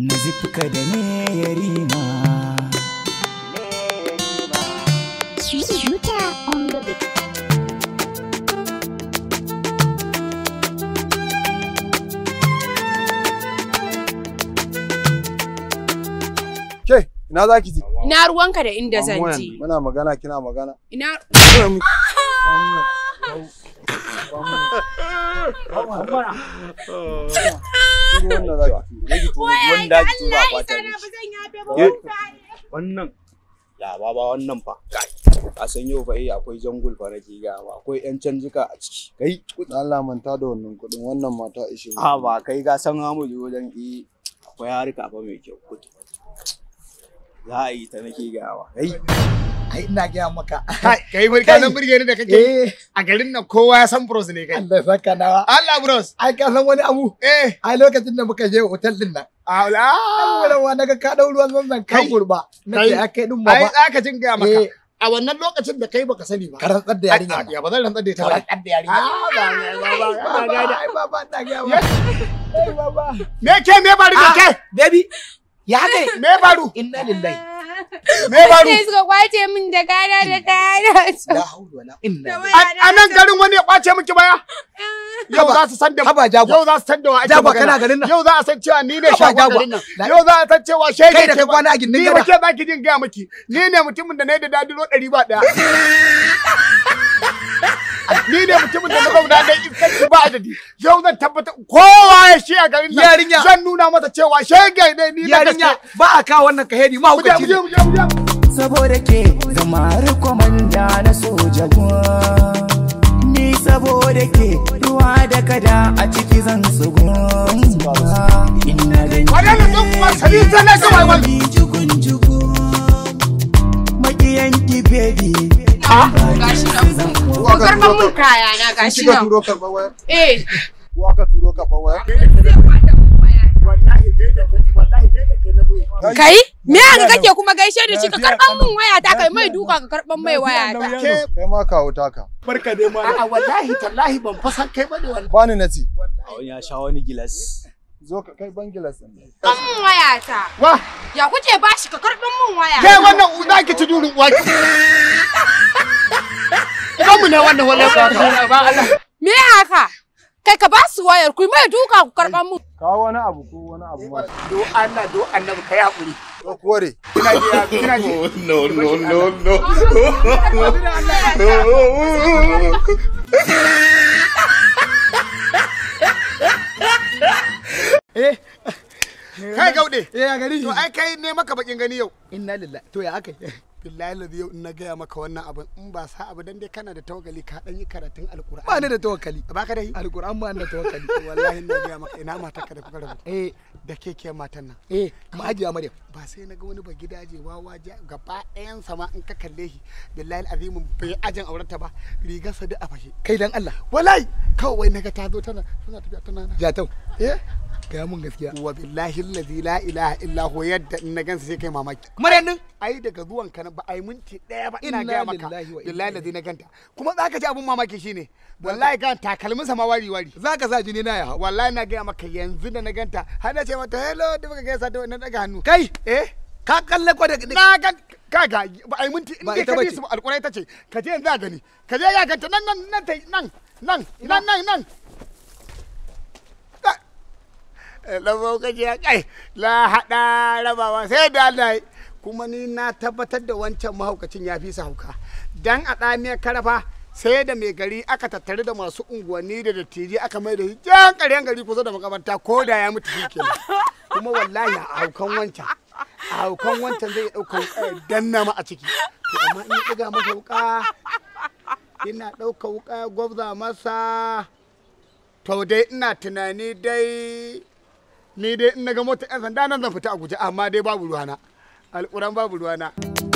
nazifka da ne yarima on Ke, ina za ki ji? Ina ruwanka da inda zan ji. Muna magana kina magana. Ina. Ina. wannan za ki wannan ya baba wannan fa ka san yau fa eh, akwai jangul fa nake ga ba akwai yan canjika a ciki kai Allah manta da wannan kudin wannan mata ishe a ba kai ga san hamu je wajen eh akwai harika fa mai kyau za a yi ta nake gawa kai ai ina gaya maka kai mai ka nan ni da kake eh. a garin nan kowa ya san bros ne kai Allah saka nawa Allah bros ai ka san wani abu eh ai lokacin da muka je hotel din nan ala wala daga ka dau ruwan zanzan ka gurba nake akai din ba ai zaka jin gaya maka eh. a wannan lokacin da kai baka sani ba. Ka rantsar da yarinya. Ya ba zan rantsar da ita ba. Rantsar da yarinya. Ah, ba ba ba ba ba ba ba ba ba. ba ba Me ke me ba ba ah, ke? ba Ya ba Me ba ba ba Me ba ru? suka kwace min da gana da gana. A nan garin wani ya kwace miki baya? Ah. Yau za su san da Haba jagwa. Yau za su san da wa ake Jagwa kana garin nan. Yau za a san cewa ni ne shagon garin nan. Yau za a san cewa shege ke kwana a gindin Ni ba ke za ki jin gaya miki. Ni ne mutumin da na yi da dadiro ɗari ba ɗaya. ni ne mutumin da na zauna da iskanci ba adadi yau zan tabbatar kowa ya shi a garin nan zan nuna masa cewa shege ne ni na gaske ba a kawo wannan ka kahedi ma hukunci ne saboda ke zama rikomanda na soja ni saboda ke ruwa da kada a ciki zan tsugun ina da ni wadanda sun kuma sani zan na shi wani jugun jugun makiyan ki mun kaya na Kai? Me haka kake kuma gaishe da shi ka karɓan mun waya ta kai mai duka ka karɓan mai waya ta. Kai ma kawo ka Barka dai ma. A'a wallahi tallahi ban fasan kai bane wallahi. Bani na ci. Ya sha wani gilas. zo ka kai gilas. din nan. mun waya ta. Wa? Ya kuke bashi ka karban mun waya. kai wannan uza ki ci durin uwa ki. mu ne wannan wallahi ba Allah. Me haka? Kai ka ba su wayar ku mai duka ku karban mu. Kawo wani abu ko wani abu ba. Do Allah do Allah ka kai hakuri. Ko kore. Kina ji kina ji. No no no no. no. Eh kai gaude. Eh a gari. To ai kai ne maka bakin gani yau. Inna lillahi. To ya akai. billahi lazi yau na gaya maka wannan abin in ba sa abu dan dai kana da tawakkali ka dan yi karatun alqur'ani ba ni da tawakkali ba ka dai alqur'an ba ni da tawakkali wallahi na gaya maka ina mata ka da kuka rubuta eh da keke matan nan eh ma ajiya maryam ba sai na ga wani ba gidaje wa wawa gaba ɗayan sama in ka kalle shi billahi alazim bai ajin aurenta ba sa duk a fashe kai dan Allah wallahi kawai naga ta zo tana suna tafiya tana jatau eh gaya mun gaskiya wa billahi allazi la ilaha illa huwa yadda in na gansa sai kai mamaki maryam din ai daga zuwan ka nan ba a yi minti daya ba ina gaya maka lillahi da na ganta kuma za ka ji abun mamaki shine wallahi gan takalmin sama wari wari za ka sa jini na ya hau wallahi na gaya maka yanzu da na ganta har na ce mata hello da baka gaya da wannan daga hannu kai eh ka kalle ko da na gan kaga ba a yi minti in ka ka su alƙurai ta ce ka je yanzu a gani ka je ya ganta nan nan nan nan nan nan nan nan eh, lafau kaje kai la haɗa rabawa sai da Allah kuma ni na tabbatar da wancan mahaukacin ya fi sa hauka dan a tsamiyar karafa sai da mai gari aka tattare da masu unguwanni da dattijai aka mai da jan ƙaryan gari kusa da makabarta ko da ya mutu shi kenan kuma wallahi a haukan wancan a haukan wancan zai ɗaukan danna nama a ciki to amma in ɗiga masa wuƙa ina ɗauka wuƙa gwabza masa to dai ina tunani dai ni dai in na ga mota 'yan sanda nan zan fita a guje amma dai babu ruwana. alƙuran babu ruwana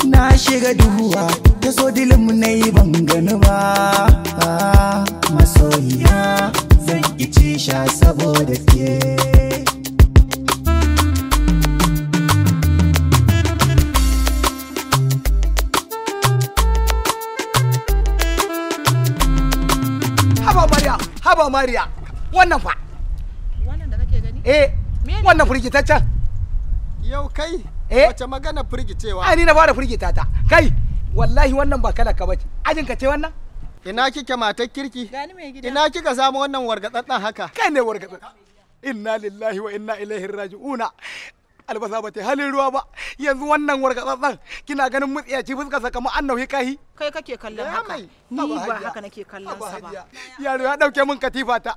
na shiga duhuwa ta so dilin na yi ban gani ba masoyiya zan ice sha saboda ke haba mariya haba mariya wannan fa wannan da kake gani eh wannan firgitaccen yau kai Eh? wace magana firgicewa ni na fara firgita ta kai wallahi wannan ba kala ka bace ajin ka ce wannan ina kike matar kirki ina kika samu wannan wargatsatsan haka kai ne wargatsatsan inna lillahi wa inna ilaihi raji'una albasa ba ta halin ruwa ba yanzu wannan wargatsatsan kina ganin ci fuskar sa kamar an nauyi kahi kai kake kallon haka ni ba haka nake kallon sa ba yaro ya dauke mun katifa ta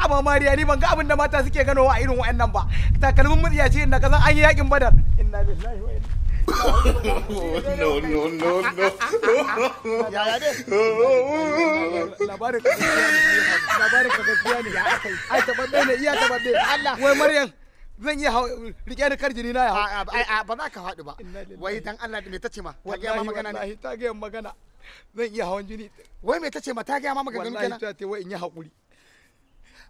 amma mariya ni ban ga abin da mata suke gano a irin wa'annan ba takalmin murya ce inda kasan an yi yakin badar inna lillahi wa inna no, no, no, no. Labarin ka gaskiya ne. Ai, taɓaɓɓe ne, iya taɓaɓɓe. Allah. Wai Maryam, zan iya rike da karjini na ya haɗu. Ba za ka haɗu ba. Wai dan Allah me tace ma? Ta ga magana ne. Ta ga magana. Zan iya hawan jini. Wai me tace ma? Ta ga magana kenan. Wallahi ta ce wai in yi hakuri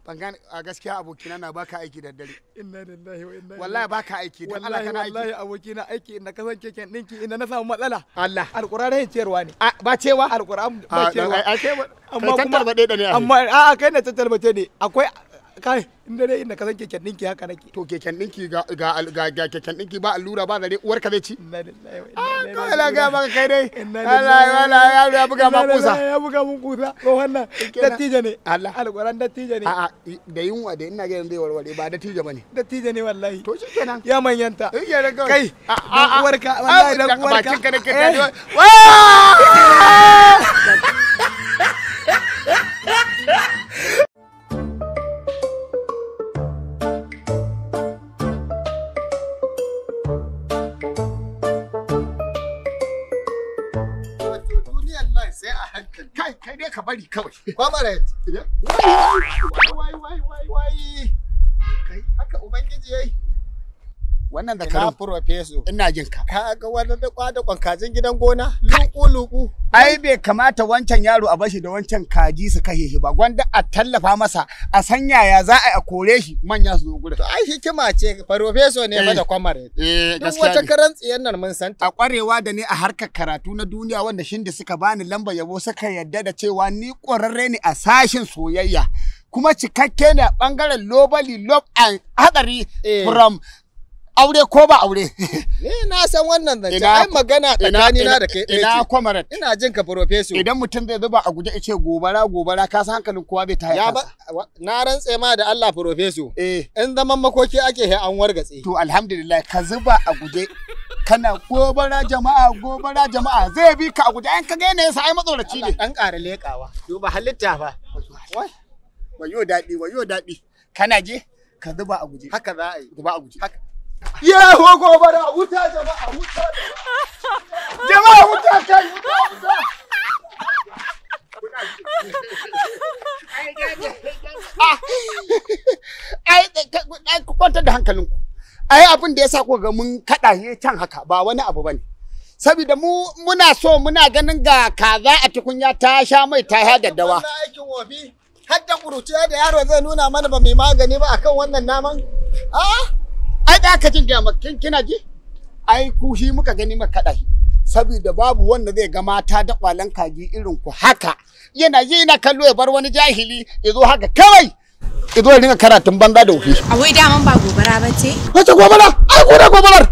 ban a gaskiya abokina na baka aiki da dare inna lillahi wa inna wallahi baka aiki dan Allah kana aiki wallahi abokina aiki ina kasan keken dinki inda na samu matsala Allah alqur'ani ciyarwa ne ba cewa alqur'an ba ah, cewa amma kuma ba dai da ne amma a kai ne tattalbace ne akwai kai in dare inda ka san keken dinki haka nake to keken dinki ga ga ga keken dinki ba allura ba zare uwar ka zai ci ah wa inna ah, ilaihi raji'un kai kusa ko wannan ne Allah alquran a da yunwa da ina ga yanzu warware ba bane ne wallahi to ya manyanta kai ah, ah, wallahi ka eh. wa bari kawai kwamaret wai wai wai wai wai kai haka ubangiji yayi wannan da ka profeso ina jin ka kaga ga da kwada kajin gidan gona luku luku ai bai kamata wancan yaro a bashi da wancan kaji su kashe shi ba gwanda a tallafa masa a sanya ya za a kore shi manya su zo to ai hikima ce profeso ne ba da kwamar eh, eh gaskiya wata karan nan mun san a kwarewa da ne a harkar karatu na duniya wanda shinda suka bani lamba yabo suka yadda da cewa ni kwararre ne a sashin soyayya kuma cikakke ne a bangaren Lobali love and hadari eh. from aure ko ba aure. Ni na san wannan zance, ai magana tsakani na da kai. Ina kwamarat. Ina jin ka profeso. Idan mutum zai zuba a guje ice gobara gobara ka san hankalin kowa bai taya Ya ba na rantse ma da Allah profeso. Eh. In zaman makoki ake he an wargatse. To alhamdulillah ka zuba a guje kana gobara jama'a gobara jama'a zai bi ka a guje an ka ga yanayin sa ai matsoraci ne. Dan ƙara lekawa, To ba halitta ba. Wai. Wayo daɗi wayo daɗi. Kana je ka zuba a guje. Haka za a yi. Zuba a guje. Haka. Yawa gobara wuta jama'a wuta. Jama'a wuta kai wuta wuta. Ah. Ai ku kwantar da hankalinku. Ai abin da ya sa ga mun kaɗa can haka ba wani abu bane. Saboda mu muna so muna ganin ga kaza a tukunya ta sha mai ta ya daddawa. Har da kuruciya da yaro zai nuna mana ba mai magani ba akan wannan naman? Ah! ai da ka jin gaya kin kina ji ai ku shi muka gani maka dahi saboda babu wanda zai ga mata da kwalan kaji irin ku haka yana yi na kallo ya bar wani jahili ya zo haka kawai ya zo ringa karatun banza da wufi a wai daman ba gobara ba ce wace gobara ai ko da gobarar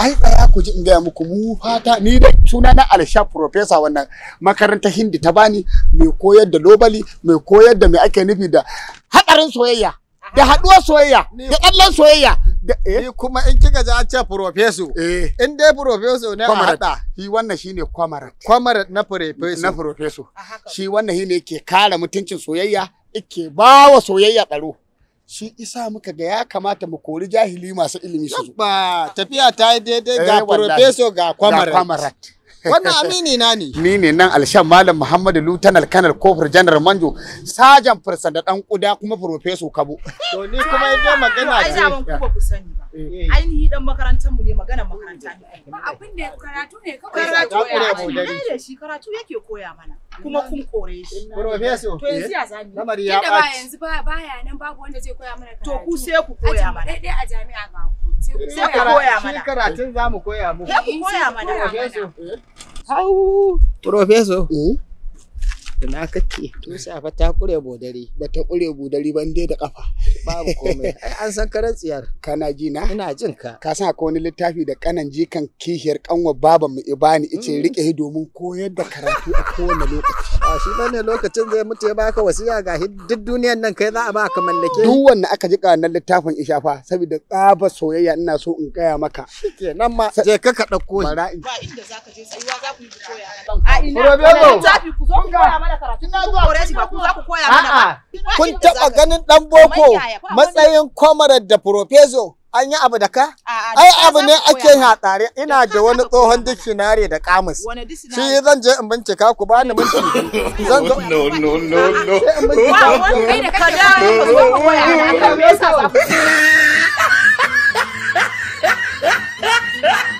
ai tsaya ku ji in gaya muku mu fata ni da suna na alsha professor wannan makarantar hindi ta bani mai koyar da lobali mai koyar da mai ake nufi da hadarin soyayya da haduwar soyayya da kallon eh? soyayya ni kuma in kika ji an ce profeso eh. in dai profeso ne a hada shi wannan shine kwamarat kwamarat na profeso na profeso shi wannan shine yake kare mutuncin soyayya yake bawa soyayya tsaro shi isa muka ga ya kamata mu kori jahili masu ilimi su ba tafiya ta yi daidai ga eh, profeso ga kwamarat wannan amini na ne ni ne nan alshan malam muhammadu lieutenant kanal kofar janar manjo sajan fursan da dan kuda kuma professor kabo to ni kuma idan magana ce ai ba ku sani ba eh. ainihi dan makarantar mu ne magana makaranta ne abin da karatu ne kawai karatu ya da shi karatu yake koya mana kuma kun kore shi professor to yanzu eh? ya zani lamari ya ba yanzu ba baya nan babu wanda zai koya mana to ku sai ku koya mana dai a jami'a ga ku sai ka koya mana. Shi karatun za mu koya muku. ku koya mana. Professor. Au, Professor. Eh? na kake? Tusa fa ta kure bodare Ba ta kure bodare ban dai da kafa. Babu komai. an san karan tsiyar. Kana ji na? Ina jin ka. Ka san akwai wani littafi da kanan jikan kihiyar kanwa baban mu Ibani ice mm. rike domin koyar da karatu a kowane lokaci. A shi bane ne lokacin zai mutu ya baka wasiya ga duk duniyar nan kai za a baka mallake. Duk wanda aka ji kanan littafin ishafa saboda tsaba soyayya ina so in gaya maka. kenan ma je ka ka dauko. Ba inda zaka je tsayuwa za ku yi koya. A ina. Ku zo ku koya A'a, kun taɓa ganin ɗan boko matsayin kwamarar da profeso an yi abu da ka? Ai abu ne ake hatsare ina da wani tsohon dictionary da kamus. Shi zan je in bincika ku bani minti. Zan No no no no.